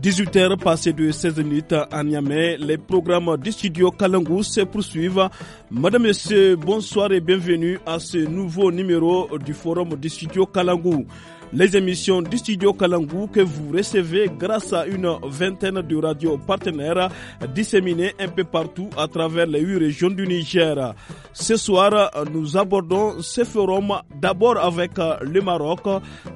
18h passé de 16 minutes à Niamey, les programmes du studio Kalangou se poursuivent. Madame, Monsieur, bonsoir et bienvenue à ce nouveau numéro du forum du studio Kalangou les émissions du studio Kalangou que vous recevez grâce à une vingtaine de radios partenaires disséminées un peu partout à travers les huit régions du Niger. Ce soir, nous abordons ce forum d'abord avec le Maroc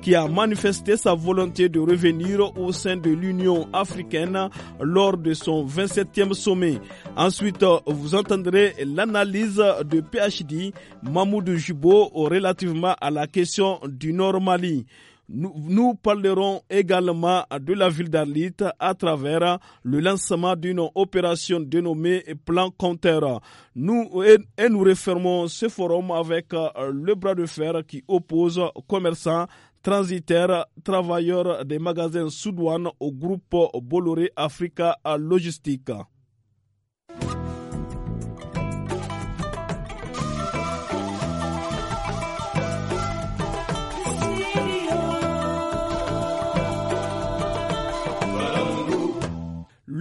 qui a manifesté sa volonté de revenir au sein de l'Union africaine lors de son 27e sommet. Ensuite, vous entendrez l'analyse de PhD Mamoudou Jubo relativement à la question du Nord Mali. Nous, parlerons également de la ville d'Arlit à travers le lancement d'une opération dénommée Plan Compteur. Nous, et, nous refermons ce forum avec euh, le bras de fer qui oppose commerçants, transitaires, travailleurs des magasins sous au groupe Bolloré Africa Logistique.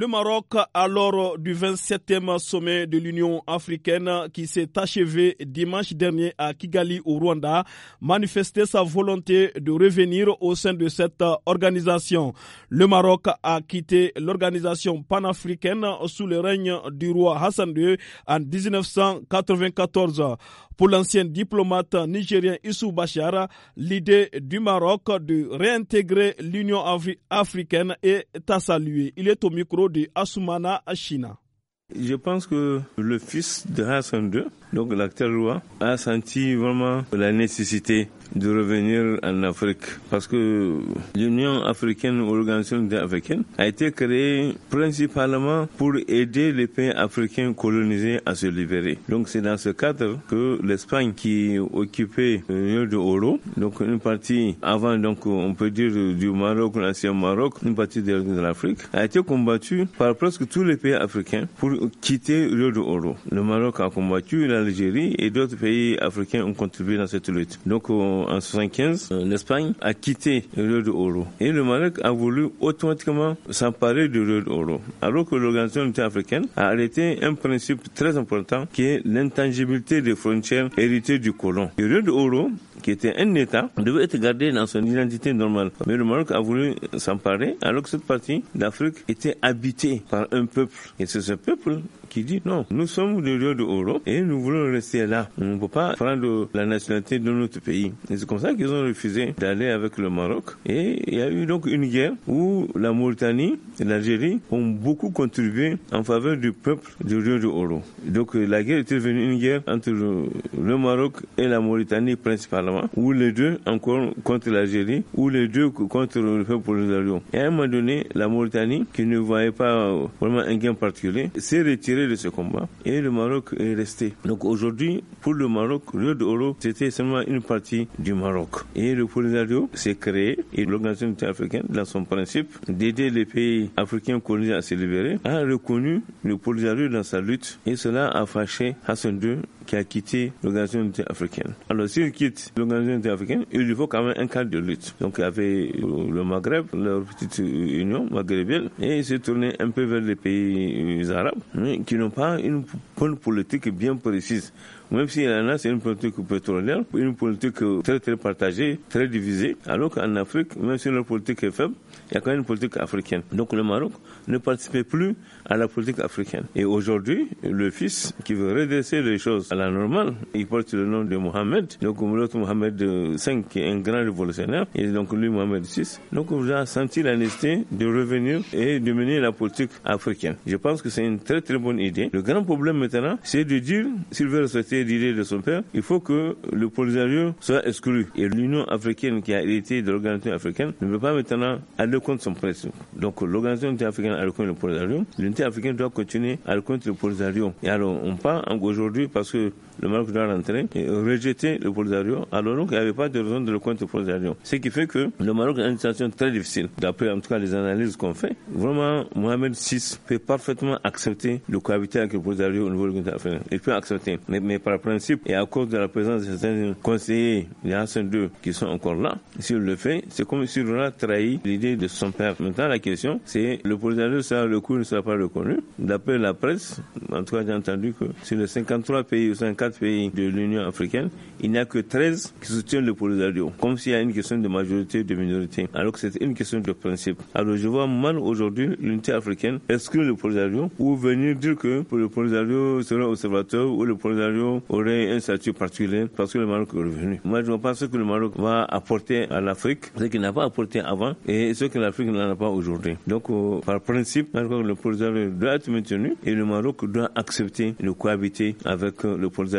Le Maroc alors du 27e sommet de l'Union africaine qui s'est achevé dimanche dernier à Kigali au Rwanda manifestait sa volonté de revenir au sein de cette organisation. Le Maroc a quitté l'organisation panafricaine sous le règne du roi Hassan II en 1994. Pour l'ancien diplomate nigérien Issou Bachara, l'idée du Maroc de réintégrer l'Union africaine est à saluer. Il est au micro de Asumana Ashina. Je pense que le fils de Hassan II donc l'acteur Roi a senti vraiment la nécessité de revenir en Afrique parce que l'Union africaine ou l'organisation africaine a été créée principalement pour aider les pays africains colonisés à se libérer. Donc c'est dans ce cadre que l'Espagne qui occupait lieu de Oro, donc une partie avant donc on peut dire du Maroc, l'ancien Maroc, une partie de l'Afrique, a été combattue par presque tous les pays africains pour quitter lieu de Oro. Le Maroc a combattu, la l'Algérie et d'autres pays africains ont contribué dans cette lutte. Donc en 1975, l'Espagne a quitté le de Oro et le Maroc a voulu automatiquement s'emparer du l'euro de Alors que l'Organisation africaine a arrêté un principe très important qui est l'intangibilité des frontières héritées du colon. Le de Oro qui était un État, devait être gardé dans son identité normale. Mais le Maroc a voulu s'emparer alors que cette partie d'Afrique était habitée par un peuple. Et c'est ce peuple qui dit non, nous sommes des lieux de Oro et nous voulons rester là. On ne peut pas prendre la nationalité de notre pays. Et c'est comme ça qu'ils ont refusé d'aller avec le Maroc. Et il y a eu donc une guerre où la Mauritanie et l'Algérie ont beaucoup contribué en faveur du peuple du lieu de Oro. Donc euh, la guerre était devenue une guerre entre le Maroc et la Mauritanie principalement, ou les deux encore contre l'Algérie, ou les deux contre le peuple de Et à un moment donné, la Mauritanie, qui ne voyait pas vraiment un gain particulier, s'est retirée de ce combat et le Maroc est resté. Donc aujourd'hui, pour le Maroc, le d'eau, c'était seulement une partie du Maroc. Et le Polisario s'est créé et l'Organisation africaine, dans son principe d'aider les pays africains colonisés à se libérer, a reconnu le Polisario dans sa lutte et cela a fâché Hassan II qui a quitté l'Organisation africaine. Alors s'il quitte l'Organisation africaine, il faut quand même un cadre de lutte. Donc il y avait euh, le Maghreb, leur petite euh, union maghrébienne, et il s'est tourné un peu vers les pays euh, arabes, qui n'ont pas une bonne politique bien précise même s'il y en a, c'est une politique pétrolière, une politique euh, très très partagée, très divisée, alors qu'en Afrique, même si la politique est faible, il y a quand même une politique africaine. Donc le Maroc ne participait plus à la politique africaine. Et aujourd'hui, le fils qui veut redresser les choses à la normale, il porte le nom de Mohamed, donc l'autre Mohamed V euh, qui est un grand révolutionnaire, et donc lui Mohamed VI. Donc a senti la nécessité de revenir et de mener la politique africaine. Je pense que c'est une très très bonne idée. Le grand problème maintenant, c'est de dire s'il veut rester hérité de son père, il faut que le Polisario soit exclu. Et l'Union africaine qui a hérité de l'organisation africaine ne peut pas maintenant aller contre son pression. Donc l'organisation africaine a reconnu le Polisario, l'unité africaine doit continuer à contre le Polisario. Et alors on part aujourd'hui parce que le Maroc doit rentrer et rejeter le Polisario, alors qu'il n'y avait pas de raison de le contre Polisario. Ce qui fait que le Maroc a une situation très difficile. D'après en tout cas les analyses qu'on fait, vraiment Mohamed VI peut parfaitement accepter de cohabiter avec le Polisario au niveau du continent Il peut accepter. Mais, par principe, et à cause de la présence de certains conseillers de Hassan II qui sont encore là, s'il le fait, c'est comme s'il aura trahi l'idée de son père. Maintenant, la question, c'est le Polisario ça le coup, ne sera pas reconnu. D'après la presse, en tout cas j'ai entendu que sur les 53 pays ou 54 pays de l'Union africaine, il n'y a que 13 qui soutiennent le Polisario, comme s'il y a une question de majorité ou de minorité, alors que c'est une question de principe. Alors je vois mal aujourd'hui l'unité africaine exclure le Polisario ou venir dire que le Polisario serait observateur ou le Polisario aurait un statut particulier parce que le Maroc est revenu. Moi, je ne vois pas ce que le Maroc va apporter à l'Afrique, ce qu'il n'a pas apporté avant et ce que l'Afrique n'en a pas aujourd'hui. Donc, euh, par principe, le Polisario doit être maintenu et le Maroc doit accepter de cohabiter avec euh, le Polisario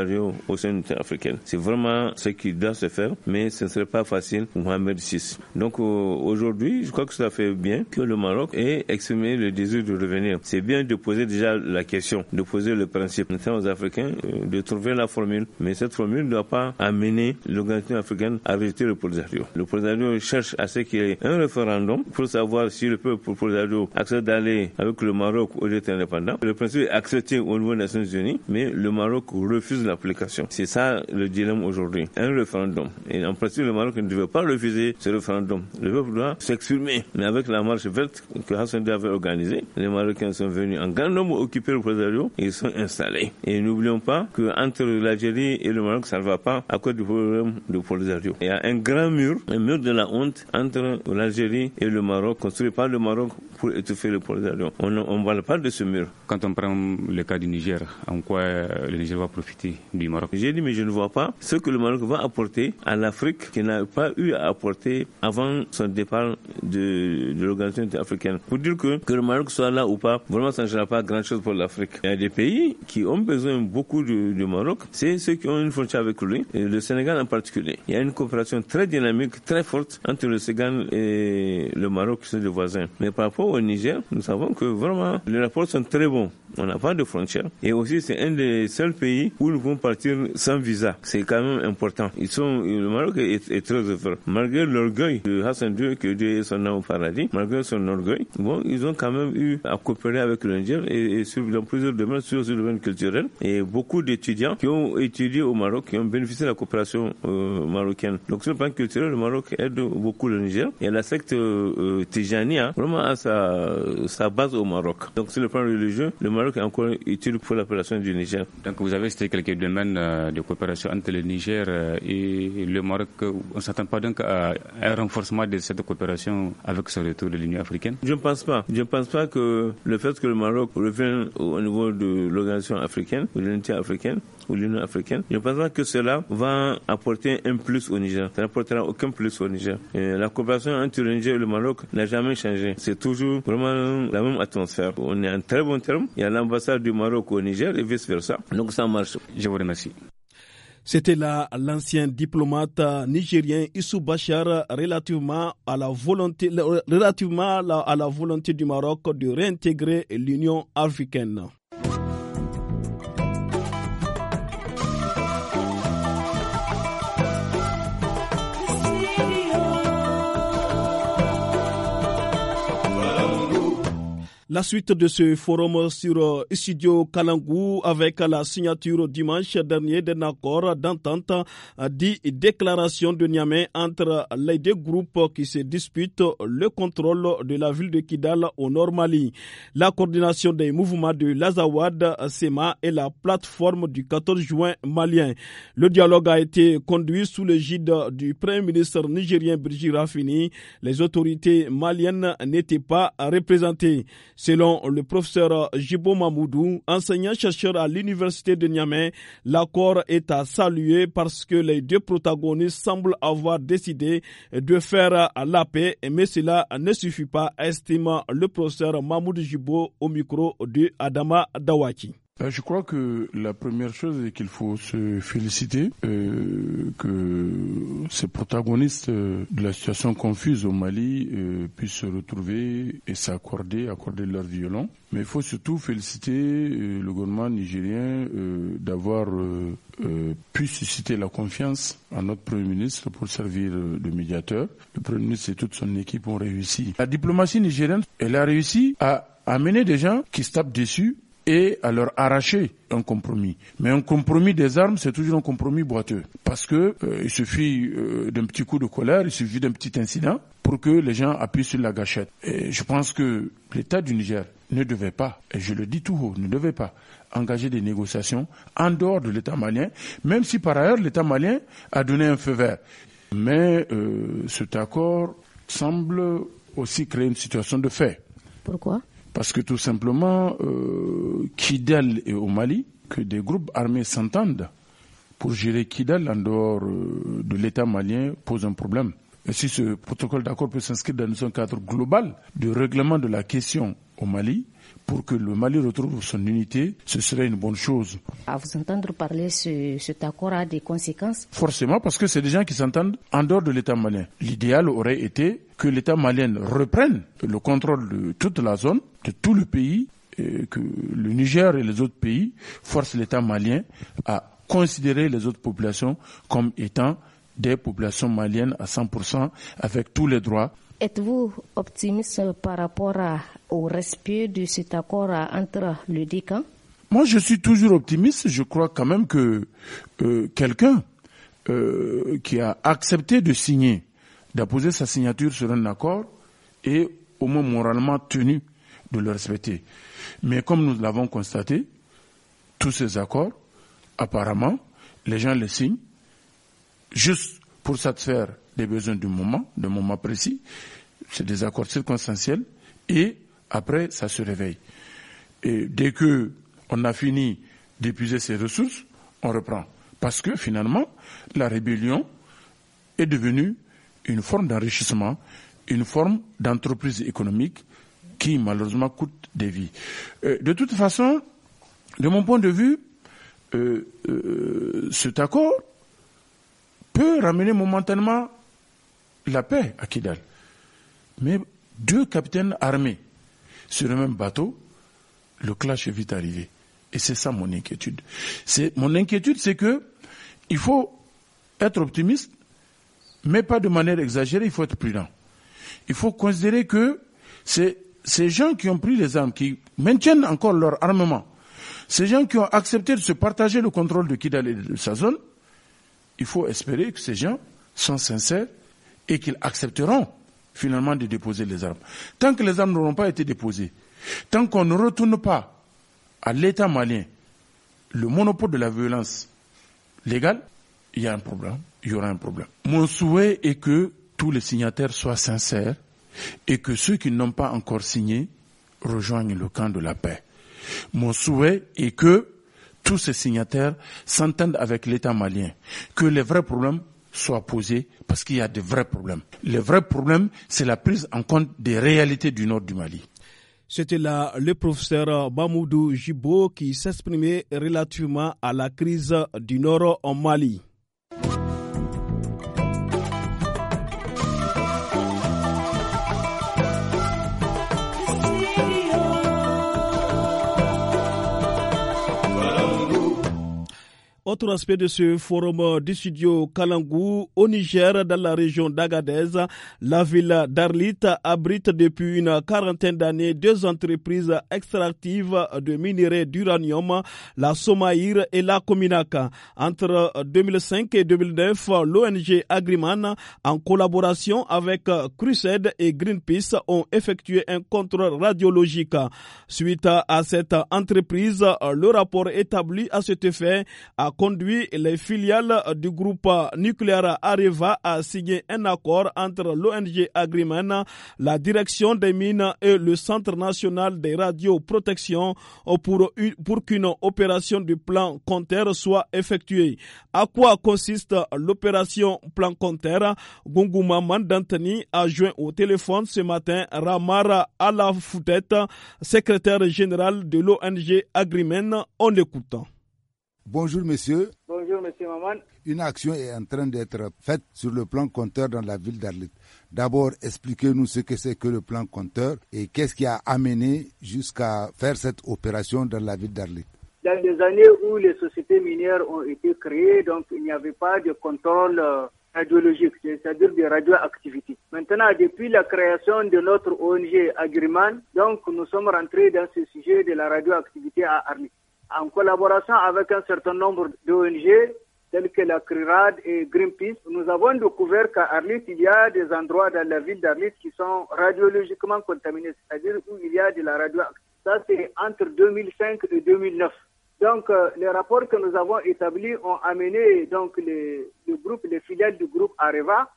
au sein de l'Union africaine. C'est vraiment ce qui doit se faire, mais ce ne serait pas facile pour Mohamed VI. Donc euh, aujourd'hui, je crois que ça fait bien que le Maroc ait exprimé le désir de revenir. C'est bien de poser déjà la question, de poser le principe. Maintenant aux Africains euh, de trouver la formule, mais cette formule ne doit pas amener l'organisation africaine à rejeter le Polisario. Le Polisario cherche à ce qu'il y ait un référendum pour savoir si le peuple Polisario accepte d'aller avec le Maroc au d'être indépendant. Le principe est accepté au niveau des Nations Unies, mais le Maroc refuse l'application. C'est ça le dilemme aujourd'hui. Un référendum. Et en principe, le Maroc ne devait pas refuser ce référendum. Le peuple doit s'exprimer. Mais avec la marche verte que Hassan avait organisée, les Marocains sont venus en grand nombre occuper le Présario et ils sont installés. Et n'oublions pas qu'entre l'Algérie et le Maroc, ça ne va pas à cause du problème du Polisario. Il y a un grand mur, un mur de la honte entre l'Algérie et le Maroc, construit par le Maroc pour étouffer le d'alliance. On ne parle pas de ce mur. Quand on prend le cas du Niger, en quoi le Niger va profiter du Maroc J'ai dit, mais je ne vois pas ce que le Maroc va apporter à l'Afrique qu'il n'a pas eu à apporter avant son départ de, l'organisation africaine. Pour dire que, que le Maroc soit là ou pas, vraiment, ça ne changera pas grand-chose pour l'Afrique. Il y a des pays qui ont besoin beaucoup du Maroc, c'est ceux qui ont une frontière avec lui, et le Sénégal en particulier. Il y a une coopération très dynamique, très forte entre le Sénégal et le Maroc, qui sont des voisins. Mais par rapport au Niger, nous savons que vraiment les rapports sont très bons on n'a pas de frontières. Et aussi, c'est un des seuls pays où nous vont partir sans visa. C'est quand même important. Ils sont, le Maroc est, très heureux. Malgré l'orgueil de Hassan II, que Dieu est son nom au paradis, malgré son orgueil, bon, ils ont quand même eu à coopérer avec le Niger et, sur, dans plusieurs domaines, sur le domaine culturel. Et beaucoup d'étudiants qui ont étudié au Maroc, qui ont bénéficié de la coopération euh, marocaine. Donc, sur le plan culturel, le Maroc aide beaucoup le Niger. Et la secte euh, euh vraiment, a sa, sa base au Maroc. Donc, sur le plan religieux, le Maroc Maroc est encore utile pour l'appellation du Niger. Donc vous avez cité quelques domaines euh, de coopération entre le Niger euh, et le Maroc. Euh, on ne s'attend pas donc à un renforcement de cette coopération avec ce retour de l'Union africaine Je ne pense pas. Je ne pense pas que le fait que le Maroc revienne au niveau de l'organisation africaine, de l'unité africaine, ou l'Union africaine, je pense que cela va apporter un plus au Niger. Ça n'apportera aucun plus au Niger. Et la coopération entre le Niger et le Maroc n'a jamais changé. C'est toujours vraiment la même atmosphère. On est en très bon terme. Il y a l'ambassade du Maroc au Niger et vice-versa. Donc ça marche. Je vous remercie. C'était là l'ancien diplomate nigérien Issou Bachar relativement à la volonté, relativement à la volonté du Maroc de réintégrer l'Union africaine. La suite de ce forum sur euh, Studio Kalangou avec la signature dimanche dernier d'un accord d'entente euh, dit déclaration de Niamey entre les deux groupes qui se disputent le contrôle de la ville de Kidal au nord Mali. La coordination des mouvements de l'Azawad, SEMA et la plateforme du 14 juin malien. Le dialogue a été conduit sous l'égide du Premier ministre nigérien Brigitte Rafini. Les autorités maliennes n'étaient pas représentées. Selon le professeur Jibo Mamoudou, enseignant-chercheur à l'université de Niamey, l'accord est à saluer parce que les deux protagonistes semblent avoir décidé de faire la paix, mais cela ne suffit pas, estime le professeur Mahmoud Jibo au micro de Adama Dawaki. Ben, je crois que la première chose est qu'il faut se féliciter, euh, que ces protagonistes euh, de la situation confuse au Mali euh, puissent se retrouver et s'accorder, accorder leur violon. Mais il faut surtout féliciter le gouvernement nigérien d'avoir pu susciter la confiance en notre Premier ministre pour servir de médiateur. Le Premier ministre et toute son équipe ont réussi. La diplomatie nigérienne, elle a réussi à amener des gens qui se tapent dessus et à leur arracher un compromis. Mais un compromis des armes, c'est toujours un compromis boiteux. Parce que euh, il suffit euh, d'un petit coup de colère, il suffit d'un petit incident pour que les gens appuient sur la gâchette. Et je pense que l'État du Niger ne devait pas, et je le dis tout haut, ne devait pas engager des négociations en dehors de l'État malien, même si par ailleurs l'État malien a donné un feu vert. Mais euh, cet accord semble aussi créer une situation de fait. Pourquoi parce que tout simplement, euh, Kidal est au Mali, que des groupes armés s'entendent pour gérer Kidal en dehors euh, de l'État malien pose un problème. Et si ce protocole d'accord peut s'inscrire dans un cadre global de règlement de la question au Mali, pour que le Mali retrouve son unité, ce serait une bonne chose. À vous entendre parler, ce, cet accord a des conséquences Forcément, parce que c'est des gens qui s'entendent en dehors de l'État malien. L'idéal aurait été que l'État malien reprenne le contrôle de toute la zone, de tout le pays, que le Niger et les autres pays forcent l'État malien à considérer les autres populations comme étant des populations maliennes à 100% avec tous les droits Êtes-vous optimiste par rapport au respect de cet accord entre le décan Moi, je suis toujours optimiste. Je crois quand même que euh, quelqu'un euh, qui a accepté de signer, d'apposer sa signature sur un accord, est au moins moralement tenu de le respecter. Mais comme nous l'avons constaté, tous ces accords, apparemment, les gens les signent juste pour satisfaire des besoins du moment, d'un moment précis. C'est des accords circonstanciels. Et après, ça se réveille. Et dès que on a fini d'épuiser ses ressources, on reprend. Parce que finalement, la rébellion est devenue une forme d'enrichissement, une forme d'entreprise économique qui malheureusement coûte des vies. Euh, de toute façon, de mon point de vue, euh, euh, cet accord peut ramener momentanément la paix à Kidal. Mais deux capitaines armés sur le même bateau, le clash est vite arrivé. Et c'est ça mon inquiétude. C'est, mon inquiétude, c'est que il faut être optimiste, mais pas de manière exagérée, il faut être prudent. Il faut considérer que c'est ces gens qui ont pris les armes, qui maintiennent encore leur armement, ces gens qui ont accepté de se partager le contrôle de Kidal et de sa zone, il faut espérer que ces gens sont sincères et qu'ils accepteront finalement de déposer les armes. Tant que les armes n'auront pas été déposées, tant qu'on ne retourne pas à l'État malien le monopole de la violence légale, il y a un problème, il y aura un problème. Mon souhait est que tous les signataires soient sincères et que ceux qui n'ont pas encore signé rejoignent le camp de la paix. Mon souhait est que tous ces signataires s'entendent avec l'État malien, que les vrais problèmes soit posée parce qu'il y a de vrais problèmes. Le vrai problème, c'est la prise en compte des réalités du nord du Mali. C'était là le professeur Bamoudou Jibo qui s'exprimait relativement à la crise du Nord en Mali. Autre aspect de ce forum euh, du studio Kalangou au Niger, dans la région d'Agadez, la ville d'Arlit abrite depuis une quarantaine d'années deux entreprises extractives de minerais d'uranium, la Somaïr et la Kominaka. Entre 2005 euh, et 2009, l'ONG Agriman, en collaboration avec euh, Crusade et Greenpeace, ont effectué un contrôle radiologique. Suite à cette entreprise, le rapport établi à cet effet a conduit les filiales du groupe nucléaire Areva à signer un accord entre l'ONG Agrimen, la direction des mines et le Centre national des radioprotections pour, qu'une opération du plan Conter soit effectuée. À quoi consiste l'opération plan Conter Gunguma Mandantani a joint au téléphone ce matin Ramara Alafoutet, secrétaire général de l'ONG Agrimen, en l'écoutant. Bonjour monsieur. Bonjour monsieur Maman. Une action est en train d'être faite sur le plan compteur dans la ville d'Arlit. D'abord, expliquez-nous ce que c'est que le plan compteur et qu'est-ce qui a amené jusqu'à faire cette opération dans la ville d'Arlit. Dans les années où les sociétés minières ont été créées, donc il n'y avait pas de contrôle euh, radiologique, c'est-à-dire de radioactivité. Maintenant, depuis la création de notre ONG Agriman, donc nous sommes rentrés dans ce sujet de la radioactivité à Arlit en collaboration avec un certain nombre d'ONG telles que la CRIRAD et Greenpeace, nous avons découvert qu'à Arlit, il y a des endroits dans la ville d'Arlit qui sont radiologiquement contaminés, c'est-à-dire où il y a de la radioactivité, Ça, c'est entre 2005 et 2009. Donc, euh, les rapports que nous avons établis ont amené donc les, le groupe, les filiales du groupe Areva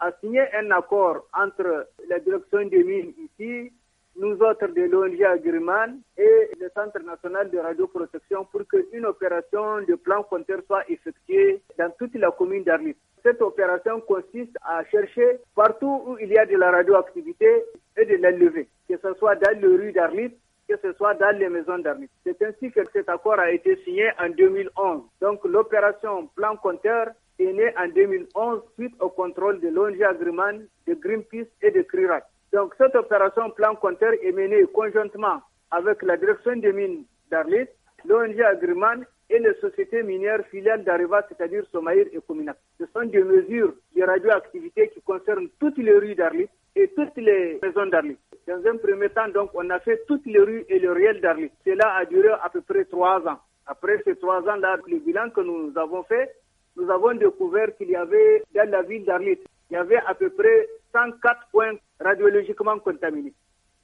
à signer un accord entre la direction des mines ici, nous autres de l'ONG Agriman et le Centre national de radioprotection pour qu'une opération de plan compteur soit effectuée dans toute la commune d'Arlit. Cette opération consiste à chercher partout où il y a de la radioactivité et de l'enlever, que ce soit dans les rues d'Arlit, que ce soit dans les maisons d'Arlit. C'est ainsi que cet accord a été signé en 2011. Donc l'opération plan compteur est née en 2011 suite au contrôle de l'ONG Agriman, de Greenpeace et de CRIRAC. Donc cette opération plan compteur est menée conjointement avec la direction des mines d'Arlit, l'ONG Agriman et les sociétés minières filiales d'Areva, c'est-à-dire Somaïr et Cominac. Ce sont des mesures de radioactivité qui concernent toutes les rues d'Arlit et toutes les maisons d'Arlit. Dans un premier temps, donc, on a fait toutes les rues et le réel d'Arlit. Cela a duré à peu près trois ans. Après ces trois ans-là, le bilan que nous avons fait, nous avons découvert qu'il y avait dans la ville d'Arlit, il y avait à peu près 104 points radiologiquement contaminés.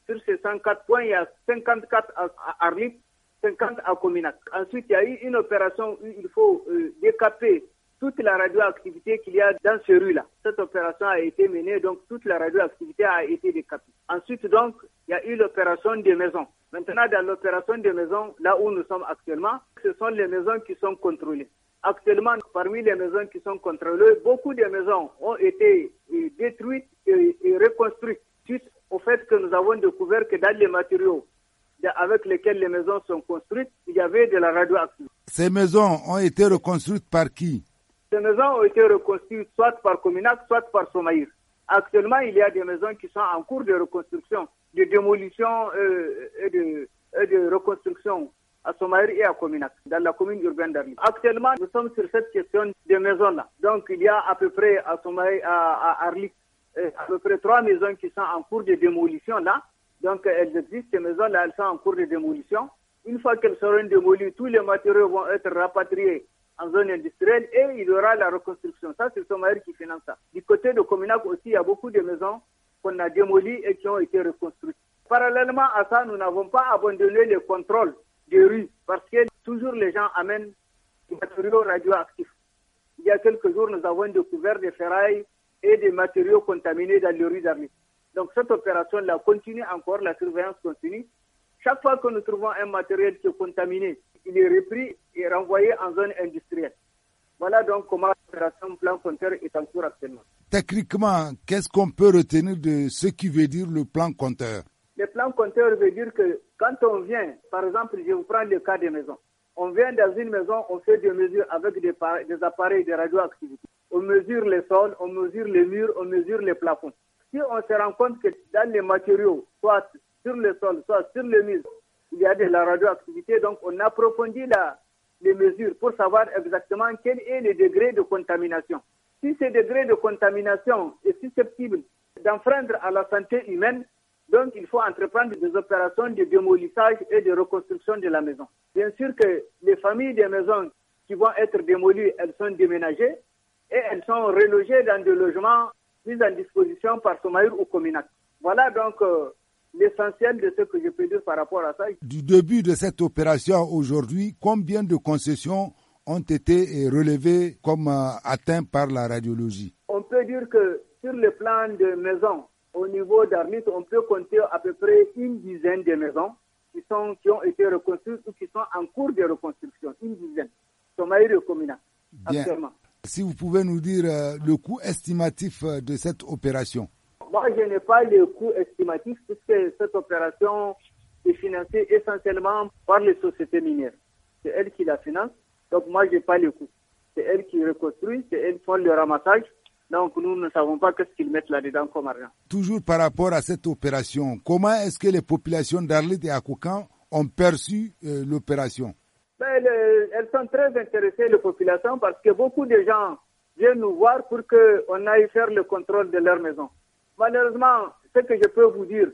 Sur ces 104 points, il y a 54 à Arlip, 50 à Cominac. Ensuite, il y a eu une opération où il faut euh, décaper toute la radioactivité qu'il y a dans ces rues là Cette opération a été menée, donc toute la radioactivité a été décapée. Ensuite, donc, il y a eu l'opération des maisons. Maintenant, dans l'opération des maisons, là où nous sommes actuellement, ce sont les maisons qui sont contrôlées. Actuellement, parmi les maisons qui sont contrôlées, beaucoup de maisons ont été euh, détruites et, reconstruites suite au fait que nous avons découvert que dans les matériaux avec lesquels les maisons sont construites, il y avait de la radioactivité. Ces maisons ont été reconstruites par qui Ces maisons ont été reconstruites soit par Cominac, soit par Somaïr. Actuellement, il y a des maisons qui sont en cours de reconstruction, de démolition euh, et de reconstruction à Somaïri et à Cominac, dans la commune urbaine d'Arli. Actuellement, nous sommes sur cette question des maisons-là. Donc, il y a à peu près à Somaïri, à, à euh, à peu près trois maisons qui sont en cours de démolition là. Donc, elles existent, ces maisons-là, elles sont en cours de démolition. Une fois qu'elles seront démolies, tous les matériaux vont être rapatriés en zone industrielle et il y aura la reconstruction. Ça, c'est Somaïr qui finance ça. Du côté de Cominac aussi, il y a beaucoup de maisons qu'on a démolies et qui ont été reconstruites. Parallèlement à ça, nous n'avons pas abandonné les contrôles des rues, parce que toujours les gens amènent des matériaux radioactifs. Il y a quelques jours, nous avons découvert des ferrailles et des matériaux contaminés dans les rues d'Arly. Donc cette opération-là continue encore, la surveillance continue. Chaque fois que nous trouvons un matériel qui est contaminé, il est repris et renvoyé en zone industrielle. Voilà donc comment l'opération plan compteur est en cours actuellement. Techniquement, qu'est-ce qu'on peut retenir de ce qui veut dire le plan compteur Le plan compteur veut dire que quand on vient, par exemple, je vous prends le cas des maisons. On vient dans une maison, on fait des mesures avec des, appareils de radioactivité. On mesure les sols, on mesure les murs, on mesure les plafonds. Si on se rend compte que dans les matériaux, soit sur le sol, soit sur les murs, il y a de la radioactivité, donc on approfondit la, les mesures pour savoir exactement quel est le degré de contamination. Si ce degré de contamination est susceptible d'enfreindre à la santé humaine, donc, il faut entreprendre des opérations de démolissage et de reconstruction de la maison. Bien sûr que les familles des maisons qui vont être démolies, elles sont déménagées et elles sont relogées dans des logements mis en disposition par Somaïr ou Cominac. Voilà donc euh, l'essentiel de ce que je peux dire par rapport à ça. Du début de cette opération aujourd'hui, combien de concessions ont été euh, relevées comme euh, atteintes par la radiologie On peut dire que sur le plan de maisons, au niveau d'Armit, on peut compter à peu près une dizaine de maisons qui, sont, qui ont été reconstruites ou qui sont en cours de reconstruction. Une dizaine. Somaïre actuellement. Si vous pouvez nous dire euh, le coût estimatif euh, de cette opération. Moi, je n'ai pas le coût estimatif puisque cette opération est financée essentiellement par les sociétés minières. C'est elles qui la financent. Donc, moi, je n'ai pas le coût. C'est elles qui reconstruisent, c'est elles qui font le ramassage. Donc nous ne savons pas qu'est-ce qu'ils mettent là-dedans comme argent. Toujours par rapport à cette opération, comment est-ce que les populations d'Arlit et Akoukan ont perçu euh, l'opération ben, Elles sont très intéressées, les populations, parce que beaucoup de gens viennent nous voir pour qu'on aille faire le contrôle de leur maison. Malheureusement, ce que je peux vous dire,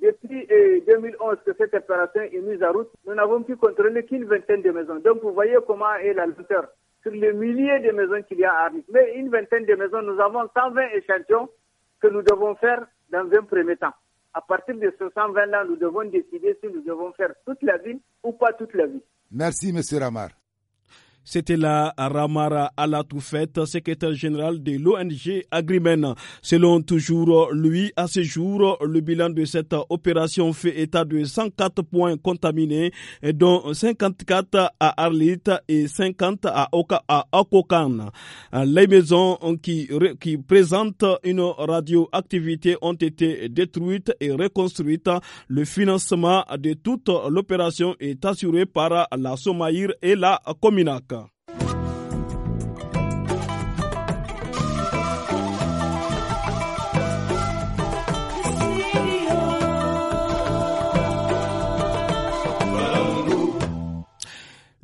depuis 2011 euh, que cette opération est mise en route, nous n'avons pu contrôler qu'une vingtaine de maisons. Donc vous voyez comment est la lenteur sur les milliers de maisons qu'il y a à Arlit. Mais une vingtaine de maisons, nous avons 120 échantillons que nous devons faire dans un premier temps. À partir de ce 120 là, nous devons décider si nous devons faire toute la ville ou pas toute la ville. Merci, Monsieur Ramar. C'était la Ramara Alatoufet, secrétaire général de l'ONG Agrimen. Selon toujours lui, à ce jour, le bilan de cette opération fait état de 104 points contaminés, dont 54 à Arlit et 50 à, Okokan. Les maisons qui, qui présentent une radioactivité ont été détruites et reconstruites. Le financement de toute l'opération est assuré par la Somaïr et la Cominac. 哥啊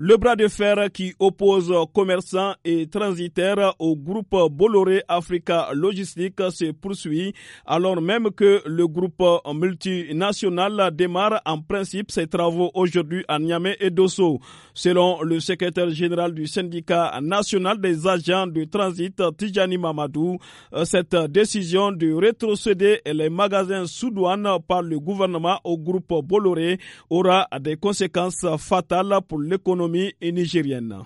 Le bras de fer qui oppose commerçants et transitaires au groupe Bolloré Africa Logistique se poursuit alors même que le groupe multinational démarre en principe ses travaux aujourd'hui à Niamey et Dosso. Selon le secrétaire général du syndicat national des agents de transit Tijani Mamadou, euh, cette décision de rétrocéder les magasins sous douane par le gouvernement au groupe Bolloré aura des conséquences fatales pour l'économie et nigérienne.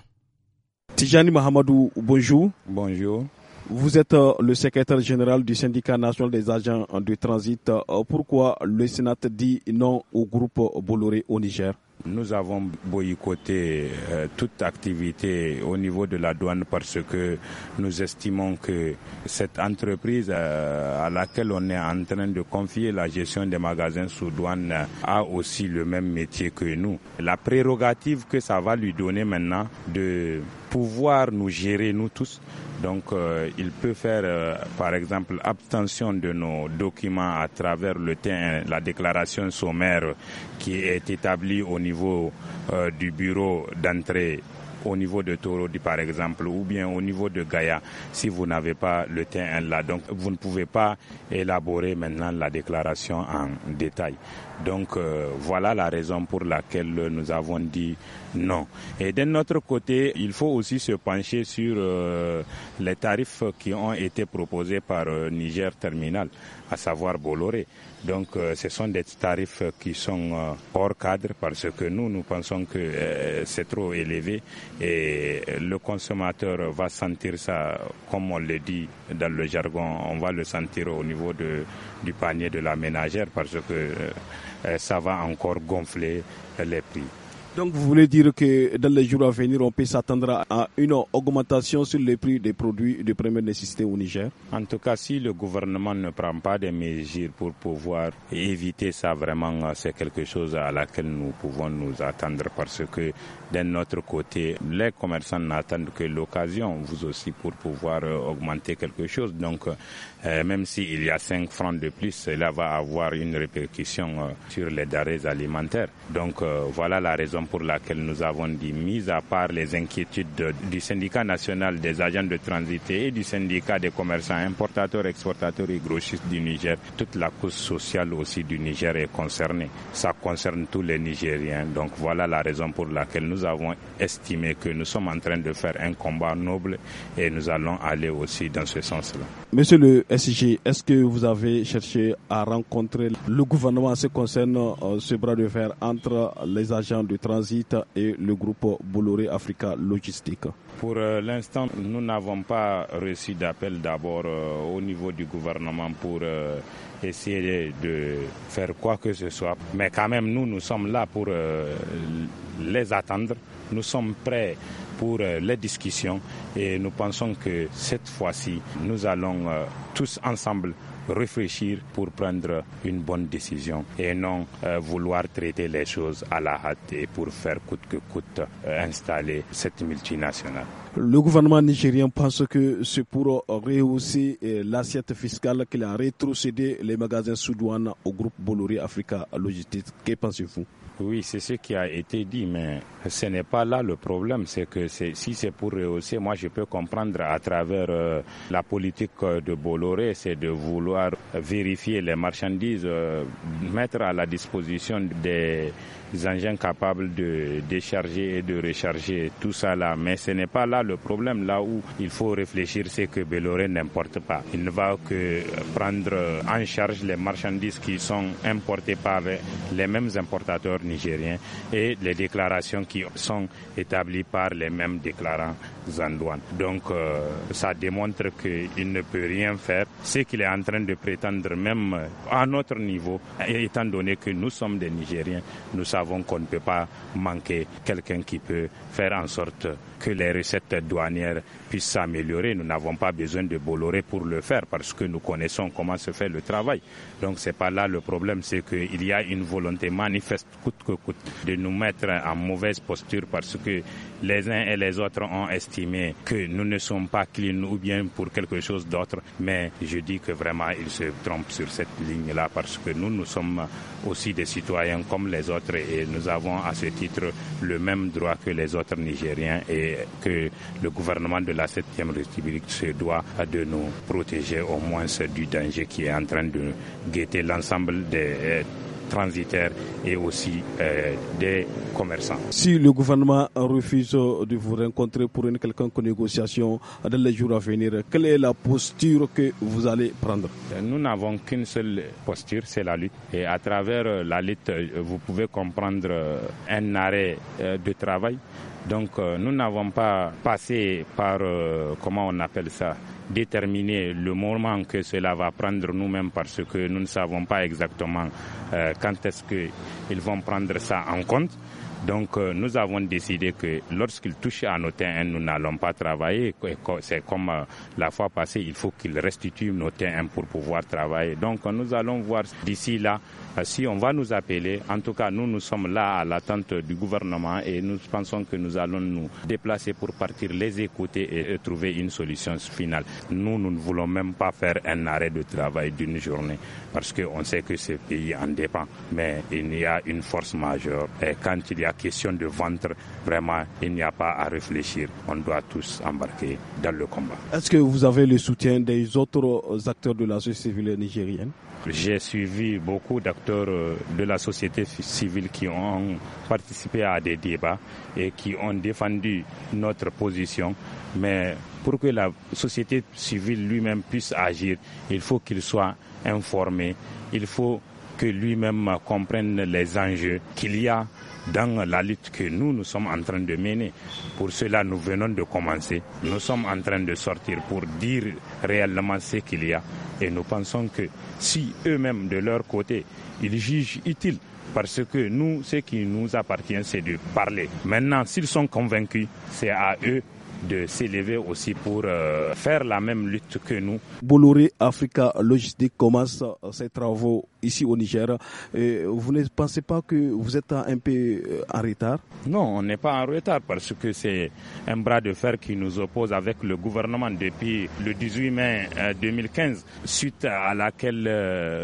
Tijani Mahamadou, bonjour. Bonjour. Vous êtes euh, le secrétaire général du syndicat national des agents de transit. Euh, pourquoi le Sénat dit non au groupe Bolloré au Niger nous avons boycotté euh, toute activité au niveau de la douane parce que nous estimons que cette entreprise euh, à laquelle on est en train de confier la gestion des magasins sous douane a aussi le même métier que nous. La prérogative que ça va lui donner maintenant de pouvoir nous gérer nous tous, donc euh, il peut faire, euh, par exemple, abstention de nos documents à travers le TIN, la déclaration sommaire qui est établie au niveau euh, du bureau d'entrée au niveau de Torodi par exemple, ou bien au niveau de Gaïa, si vous n'avez pas le t là. Donc vous ne pouvez pas élaborer maintenant la déclaration en détail. Donc euh, voilà la raison pour laquelle nous avons dit non. Et d'un autre côté, il faut aussi se pencher sur euh, les tarifs qui ont été proposés par euh, Niger Terminal, à savoir Bolloré. Donc ce sont des tarifs qui sont hors cadre parce que nous, nous pensons que c'est trop élevé et le consommateur va sentir ça, comme on le dit dans le jargon, on va le sentir au niveau de, du panier de la ménagère parce que... Euh, ça va encore gonfler euh, les prix. Donc vous voulez dire que dans les jours à venir, on peut s'attendre à une augmentation sur les prix des produits de première nécessité au Niger En tout cas, si le gouvernement ne prend pas des mesures pour pouvoir éviter ça, vraiment, euh, c'est quelque chose à laquelle nous pouvons nous attendre parce que d'un autre côté, les commerçants n'attendent que l'occasion, vous aussi, pour pouvoir augmenter quelque chose. Donc euh, même s'il y a 5 francs de plus, cela va avoir une répercussion euh, sur les darés alimentaires. Donc euh, voilà la raison pour laquelle nous avons dit, mis à part les inquiétudes du syndicat national des agents de transit et du syndicat des commerçants importateurs, exportateurs et grossistes du Niger, toute la cause sociale aussi du Niger est concernée. Ça concerne tous les Nigériens. Donc voilà la raison pour laquelle nous avons estimé que nous sommes en train de faire un combat noble et nous allons aller aussi dans ce sens-là. Monsieur le SG, est-ce que vous avez cherché à rencontrer le gouvernement en ce qui concerne euh, ce bras de fer entre les agents de transit et le groupe Bouloré Africa Logistique Pour euh, l'instant, nous n'avons pas reçu d'appel d'abord euh, au niveau du gouvernement pour essayer de, faire quoi que ce soit. Mais quand même, nous, nous sommes là pour euh, les attendre. Nous sommes prêts pour euh, les discussions et nous pensons que cette fois-ci, nous allons euh, tous ensemble réfléchir pour prendre une bonne décision et non euh, vouloir traiter les choses à la hâte et pour faire coûte que coûte euh, installer cette multinationale. Le gouvernement nigérien pense que c'est pour rehausser euh, l'assiette fiscale qu'il a rétrocédé les magasins sous-douane au groupe Bolloré Africa Logistics. Que pensez-vous oui, c'est ce qui a été dit, mais ce n'est pas là le problème. C'est que si c'est pour rehausser, moi je peux comprendre à travers euh, la politique euh, de Bolloré, c'est de vouloir vérifier les marchandises, euh, mettre à la disposition des engins capables de décharger et de recharger tout ça là. Mais ce n'est pas là le problème. Là où il faut réfléchir, c'est que Belloré n'importe pas. Il ne va que prendre en charge les marchandises qui sont importées par les mêmes importateurs nigériens et les déclarations qui sont établies par les mêmes déclarants donc euh, ça démontre qu'il ne peut rien faire. Ce qu'il est en train de prétendre même euh, à notre niveau, étant donné que nous sommes des Nigériens, nous savons qu'on ne peut pas manquer quelqu'un qui peut faire en sorte que les recettes douanières puissent s'améliorer. Nous n'avons pas besoin de Bolloré pour le faire parce que nous connaissons comment se fait le travail. Donc c'est pas là le problème, c'est qu'il y a une volonté manifeste coûte que coûte de nous mettre en mauvaise posture parce que les uns et les autres ont estimé que nous ne sommes pas clean ou bien pour quelque chose d'autre. Mais je dis que vraiment ils se trompent sur cette ligne-là parce que nous, nous sommes aussi des citoyens comme les autres et nous avons à ce titre le même droit que les autres Nigériens et que le gouvernement de la 7e République se doit de nous protéger au moins du danger qui est en train de guetter l'ensemble des euh, transitaires et aussi euh, des commerçants. Si le gouvernement refuse de vous rencontrer pour une quelconque négociation dans les jours à venir, quelle est la posture que vous allez prendre Nous n'avons qu'une seule posture, c'est la lutte. Et à travers euh, la lutte, vous pouvez comprendre un arrêt de travail, donc euh, nous n'avons pas passé par, euh, comment on appelle ça, déterminer le moment que cela va prendre nous-mêmes parce que nous ne savons pas exactement euh, quand est-ce qu'ils vont prendre ça en compte. Donc euh, nous avons décidé que lorsqu'ils touchent à nos terrains, nous n'allons pas travailler. C'est comme euh, la fois passée, il faut qu'ils restituent nos terrains pour pouvoir travailler. Donc euh, nous allons voir d'ici là si on va nous appeler. En tout cas, nous, nous sommes là à l'attente du gouvernement et nous pensons que nous allons nous déplacer pour partir les écouter et, trouver une solution finale. Nous, nous ne voulons même pas faire un arrêt de travail d'une journée parce qu'on sait que ce pays en dépend. Mais il y a une force majeure. Et quand il y a question de ventre, vraiment, il n'y a pas à réfléchir. On doit tous embarquer dans le combat. Est-ce que vous avez le soutien des autres euh, acteurs de la société civile nigérienne J'ai suivi beaucoup d'acteurs euh, de la société civile qui ont participé à des débats et qui ont défendu notre position. Mais pour que la société civile lui-même puisse agir, il faut qu'il soit informé, il faut que lui-même comprenne les enjeux qu'il y a dans la lutte que nous, nous sommes en train de mener. Pour cela, nous venons de commencer. Nous sommes en train de sortir pour dire réellement ce qu'il y a. Et nous pensons que si eux-mêmes, de leur côté, ils jugent utile, parce que nous, ce qui nous appartient, c'est de parler. Maintenant, s'ils sont convaincus, c'est à eux de s'élever aussi pour euh, faire la même lutte que nous. Boulouré Africa Logistique commence euh, ses travaux ici au Niger. vous ne pensez pas que vous êtes un peu euh, en retard Non, on n'est pas en retard parce que c'est un bras de fer qui nous oppose avec le gouvernement depuis le 18 mai 2015, suite à laquelle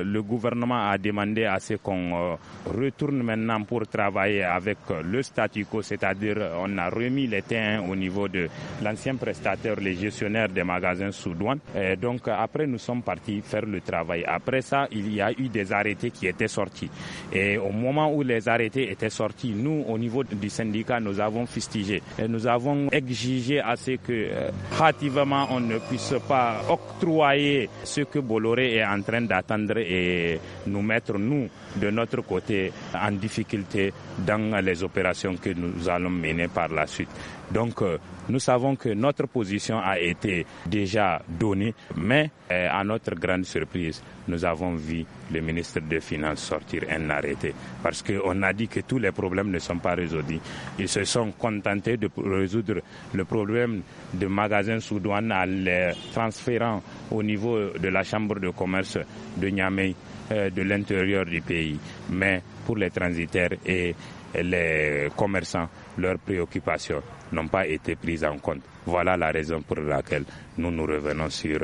le gouvernement a demandé à ce qu'on retourne maintenant pour travailler avec le statu quo, c'est-à-dire on a remis les terrains au niveau de l'ancien prestataire, le gestionnaire des magasins sous douane. donc après, nous sommes partis faire le travail. Après ça, il y a eu des arrêtés qui étaient sortis. Et au moment où les arrêtés étaient sortis, nous, au niveau du syndicat, nous avons fustigé. Et nous avons exigé à ce que, euh, hâtivement, on ne puisse pas octroyer ce que Bolloré est en train d'attendre et nous mettre, nous, de notre côté, en difficulté dans les opérations que nous allons mener par la suite. Donc euh, nous savons que notre position a été déjà donnée, mais euh, à notre grande surprise, nous avons vu le ministre des Finances sortir un arrêté parce que on a dit que tous les problèmes ne sont pas résolus. Ils se sont contentés de résoudre le problème de magasins sous douane en les transférant au niveau de la Chambre de commerce de Niamey euh, de l'intérieur du pays. Mais pour les transitaires et les commerçants, leurs préoccupations n'ont pas été prises en compte. Voilà la raison pour laquelle nous nous revenons sur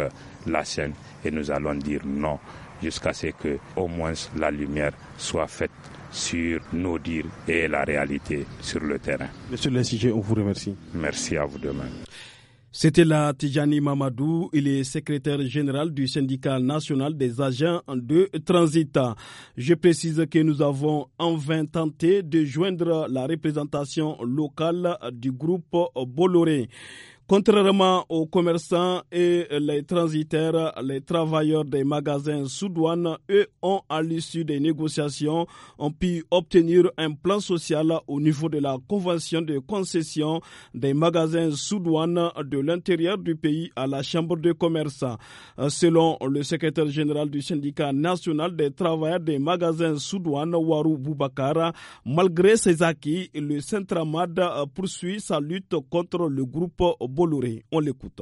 la scène et nous allons dire non jusqu'à ce que au moins la lumière soit faite sur nos dires et la réalité sur le terrain. Monsieur SG, on vous remercie. Merci à vous demain. C'était la Tijani Mamadou, il est secrétaire général du syndicat national des agents de transit. Je précise que nous avons en vain tenté de joindre la représentation locale du groupe Bolloré. Contrairement aux commerçants et les transitaires, les travailleurs des magasins sous eux, ont, à l'issue des négociations, ont pu obtenir un plan social au niveau de la convention de concession des magasins sous de l'intérieur du pays à la Chambre de commerce. Selon le secrétaire général du syndicat national des travailleurs des magasins sous douane, Waru Boubakara, malgré ses acquis, le Centramad poursuit sa lutte contre le groupe Bolloré. On l'écoute.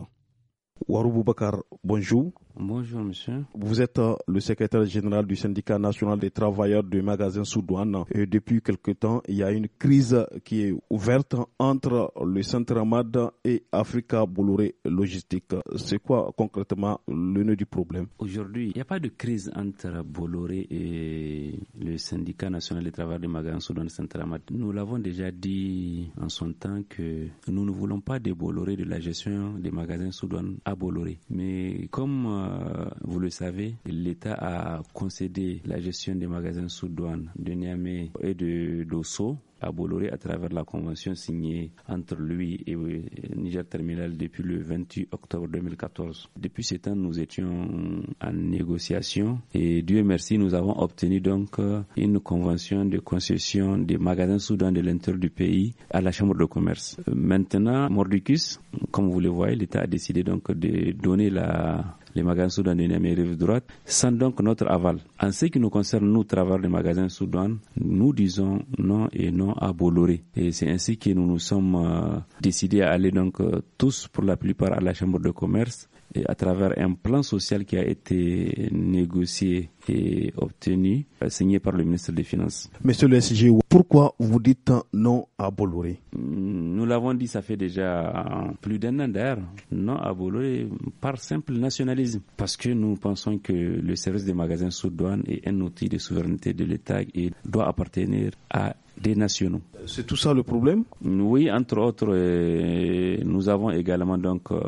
Warou Bakar, bonjour. Bonjour, monsieur. Vous êtes euh, le secrétaire général du syndicat national des travailleurs du magasin Soudouane. Et depuis quelque temps, il y a une crise qui est ouverte entre le centre Amad et Africa Bolloré Logistique. C'est quoi concrètement le nœud du problème Aujourd'hui, il n'y a pas de crise entre Bolloré et le syndicat national des travailleurs du magasin Soudouane centre Amad. Nous l'avons déjà dit en son temps que nous ne voulons pas de Bolloré de la gestion des magasins Soudouane à Bolloré. Mais comme euh, euh, vous le savez, l'État a concédé la gestion des magasins sous douane de Niamey et de Dosso à Bolloré à travers la convention signée entre lui et euh, Niger Terminal depuis le 28 octobre 2014. Depuis ce temps, nous étions en négociation et Dieu merci, nous avons obtenu donc euh, une convention de concession des magasins soudains de l'intérieur du pays à la Chambre de commerce. Maintenant, Mordicus, comme vous le voyez, l'État a décidé donc de donner la les magasins soudanais les rive droite, sans donc notre aval. En ce qui nous concerne, nous, travers les magasins soudanais, nous disons non et non à Bolloré. Et c'est ainsi que nous nous sommes euh, décidés à aller donc euh, tous, pour la plupart, à la chambre de commerce à travers un plan social qui a été négocié et obtenu, euh, signé par le ministre des Finances. Monsieur le SG, pourquoi vous dites non à Bolloré mm, Nous l'avons dit, ça fait déjà plus d'un an d'ailleurs, non à Bolloré par simple nationalisme. Parce que nous pensons que le service des magasins sous douane est un outil de souveraineté de l'État et doit appartenir à des nationaux. C'est tout ça le problème Oui, entre autres, euh, nous avons également donc euh,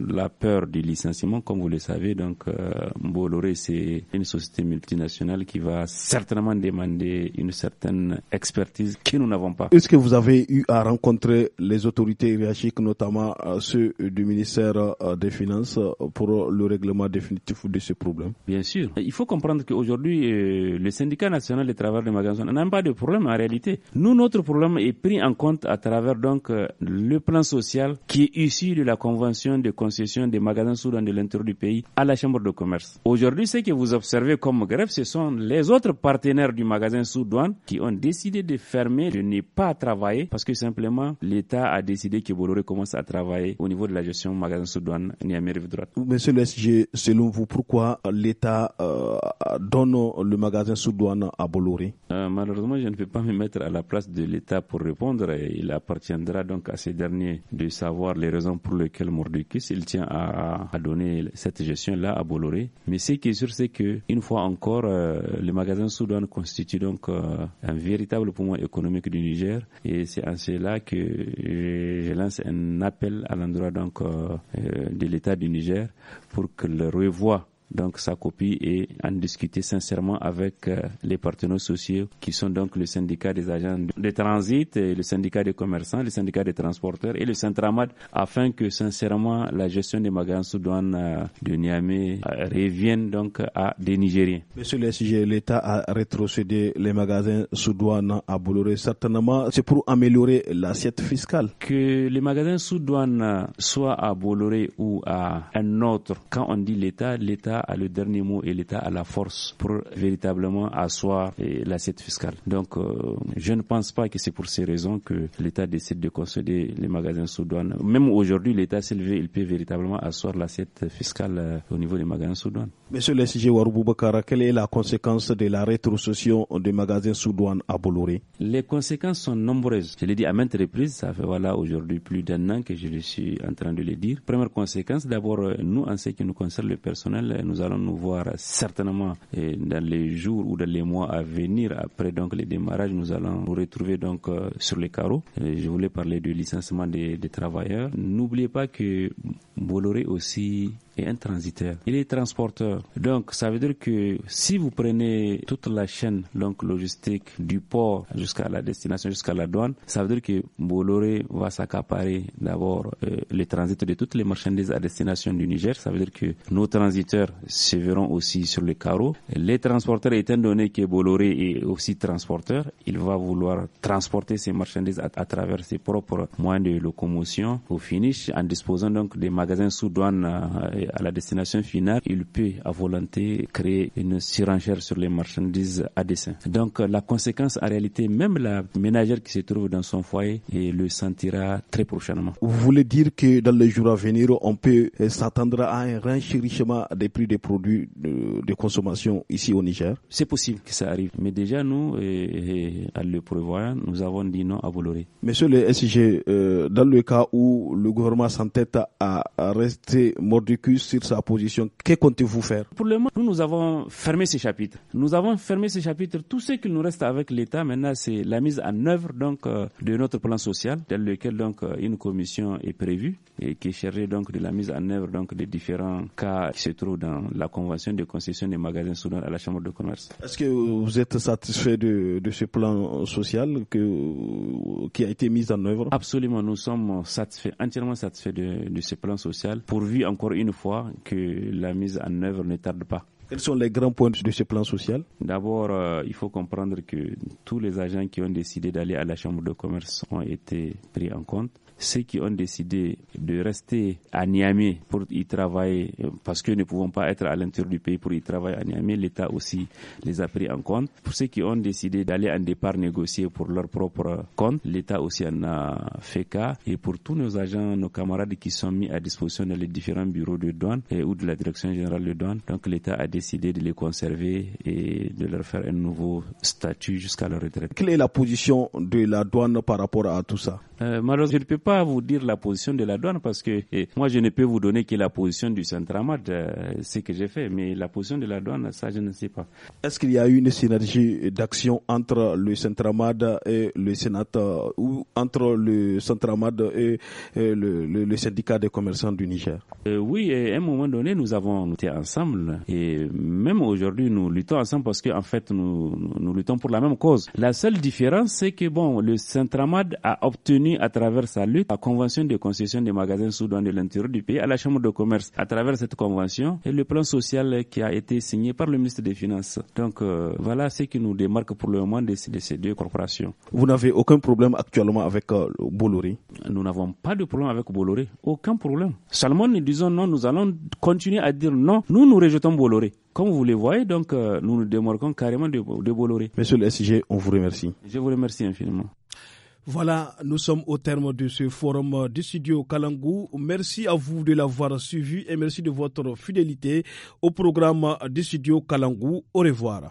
la peur du licenciement, comme vous le savez. Donc, euh, Mboloré, c'est une société multinationale qui va certainement demander une certaine expertise que nous n'avons pas. Est-ce que vous avez eu à rencontrer les autorités hiérarchiques, notamment ceux du ministère des Finances, pour le règlement définitif de ce problème Bien sûr. Il faut comprendre qu'aujourd'hui, le syndicat national des travailleurs de magasins n'a pas de problème en réalité nous, notre problème est pris en compte à travers donc euh, le plan social qui est issu de la convention de concession des magasins sous-douane de l'intérieur du pays à la Chambre de commerce. Aujourd'hui, ce que vous observez comme grève, ce sont les autres partenaires du magasin sous-douane qui ont décidé de fermer, de ne pas travailler parce que simplement l'État a décidé que Bolloré commence à travailler au niveau de la gestion magasin sous-douane mes Rive Droite. Monsieur SG, selon vous, pourquoi l'État euh, donne le magasin sous-douane à Bolloré euh, Malheureusement, je ne peux pas me mettre à la place de l'État pour répondre. Et il appartiendra donc à ces derniers de savoir les raisons pour lesquelles Mordekis il tient à, donner cette gestion-là à Bolloré. Mais ce qui est sûr, c'est que une fois encore, euh, le magasin Soudan constitue donc euh, un véritable poumon économique du Niger. Et c'est en cela que je, lance un appel à l'endroit donc euh, de l'État du Niger pour que le revoie donc sa copie et en discuter sincèrement avec euh, les partenaires sociaux qui sont donc le syndicat des agents de transit, le syndicat des commerçants, le syndicat des transporteurs et le Centramad afin que sincèrement la gestion des magasins sous douane euh, de Niamey euh, revienne donc à des Nigériens. Monsieur le sujet, l'État a rétrocédé les magasins sous douane à Bouloré Certainement, c'est pour améliorer l'assiette fiscale. Que les magasins sous douane soient à Bouloré ou à un autre, quand on dit l'État, l'État à a le dernier mot et l'État a la force pour véritablement asseoir l'assiette fiscale. Donc, euh, je ne pense pas que c'est pour ces raisons que l'État décide de concéder les magasins sous douane. Même aujourd'hui, l'État s'est levé, il peut véritablement asseoir l'assiette fiscale euh, au niveau des magasins sous douane. Monsieur le CG Warouboubakara, quelle est la conséquence de la rétrocession des magasins sous douane à Bolloré Les conséquences sont nombreuses. Je l'ai dit à maintes reprises, ça fait voilà aujourd'hui plus d'un an que je le suis en train de le dire. Première conséquence, d'abord, euh, nous, en ce qui nous concerne le personnel, nous allons nous voir certainement eh, dans les jours ou dans les mois à venir. Après donc les démarrages, nous allons nous retrouver donc euh, sur les carreaux. Eh, je voulais parler du licenciement des, des travailleurs. N'oubliez pas que Bolloré aussi et un transitaire. Il est transporteur. Donc, ça veut dire que si vous prenez toute la chaîne logistique du port jusqu'à la destination, jusqu'à la douane, ça veut dire que Bolloré va s'accaparer d'abord euh, les transiteurs de toutes les marchandises à destination du Niger. Ça veut dire que nos transiteurs se verront aussi sur le carreau. Les transporteurs, étant donné que Bolloré est aussi transporteur, il va vouloir transporter ses marchandises à, travers ses propres moyens de locomotion au finish en disposant donc des magasins sous douane euh, à la destination finale, il peut à volonté créer une surenchère sur les marchandises à dessein. Donc euh, la conséquence en réalité, même la ménagère qui se trouve dans son foyer et le sentira très prochainement. Vous voulez dire que dans les jours à venir, on peut euh, s'attendre à un renchérissement des prix des produits de, consommation ici au Niger C'est possible que ça arrive. Mais déjà, nous, à euh, le prévoir, nous avons dit non à Bolloré. Monsieur le SG, dans le cas où le gouvernement s'entête à, rester mordu sur sa position. Que comptez-vous faire Pour le moment, nous, nous avons fermé ce chapitre. Nous avons fermé ce chapitre. Tout ce qu'il nous reste avec l'État maintenant, c'est la mise en œuvre donc euh, de notre plan social, dans lequel donc euh, une commission est prévue et qui est chargée donc de la mise en œuvre donc des différents cas qui se trouvent dans la convention de concession des magasins soudains à la Chambre de commerce. Est-ce que vous êtes satisfait de, ce plan social que, qui a été mis en œuvre Absolument, nous sommes satisfaits, entièrement satisfaits de, de ce plan social, pourvu encore une fois que la mise en œuvre ne tarde pas. Quels sont les grands points de ce plan social D'abord, euh, il faut comprendre que tous les agents qui ont décidé d'aller à la Chambre de commerce ont été pris en compte ceux qui ont décidé de rester à Niamey pour y travailler, parce que ne pouvons pas être à l'intérieur du pays pour y travailler à Niamey, l'État aussi les a pris en compte. Pour ceux qui ont décidé d'aller en départ négocier pour leur propre compte, l'État aussi en a fait cas. Et pour tous nos agents, nos camarades qui sont mis à disposition dans les différents bureaux de douane et, ou de la direction générale de douane, donc l'État a décidé de les conserver et de leur faire un nouveau statut jusqu'à leur retraite. Quelle est la position de la douane par rapport à tout ça euh, Malheureusement, pas vous dire la position de la douane parce que eh, moi, je ne peux vous donner que la position du centre euh, ce que j'ai fait, mais la position de la douane, ça, je ne sais pas. Est-ce qu'il y a eu une synergie d'action entre le Centramade et le sénateur ou entre le centre et, le, syndicat des commerçants du Niger euh, Oui, à un moment donné, nous avons été ensemble et même aujourd'hui, nous luttons ensemble parce que en fait, nous, nous luttons pour la même cause. La seule différence, c'est que bon, le Centramade a obtenu à travers sa lutte la convention de concession des magasins soudains de l'intérieur du pays à la Chambre de commerce. À travers cette convention, et le plan social qui a été signé par le ministre des Finances. Donc euh, voilà ce qui nous démarque pour le moment de, ces deux corporations. Vous n'avez aucun problème actuellement avec euh, Bolloré Nous n'avons pas de problème avec Bolloré. Aucun problème. Seulement nous disons non, nous allons continuer à dire non. Nous, nous rejetons Bolloré. Comme vous le voyez, donc, euh, nous nous démarquons carrément de, de Bolloré. Monsieur le SG, on vous remercie. Je vous remercie infiniment. Voilà, nous sommes au terme de ce forum du studio Kalangou. Merci à vous de l'avoir suivi et merci de votre fidélité au programme du studio Kalangou. Au revoir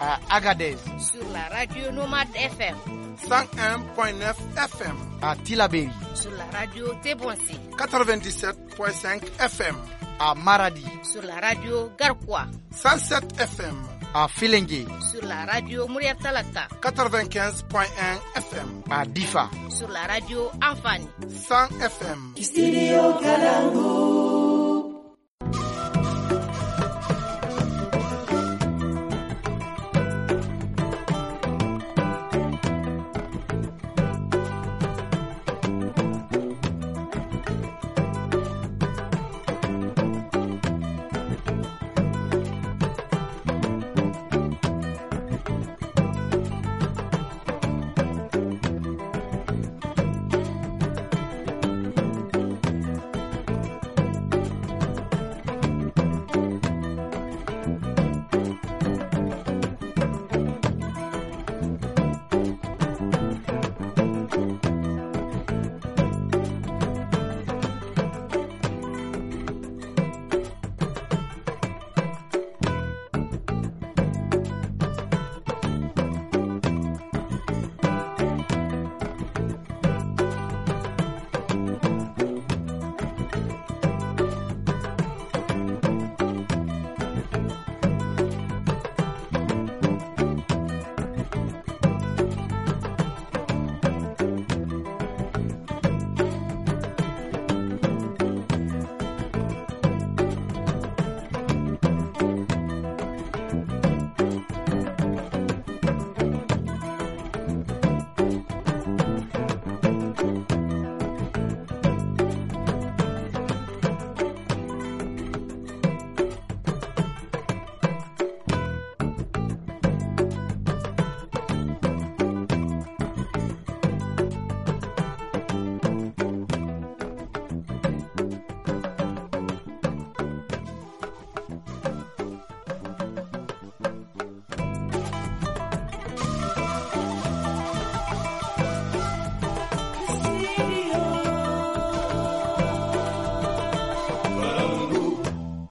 à Agadez. Sur la radio Nomade FM. 101.9 FM à Tilaberi. Sur la radio Tebonsi. 97.5 FM à Maradi. Sur la radio Garkwa. 107 FM à Filengue. Sur la radio Mouriatalata. 95.1 FM à Difa. Sur la radio Anfani. 100 FM. Studio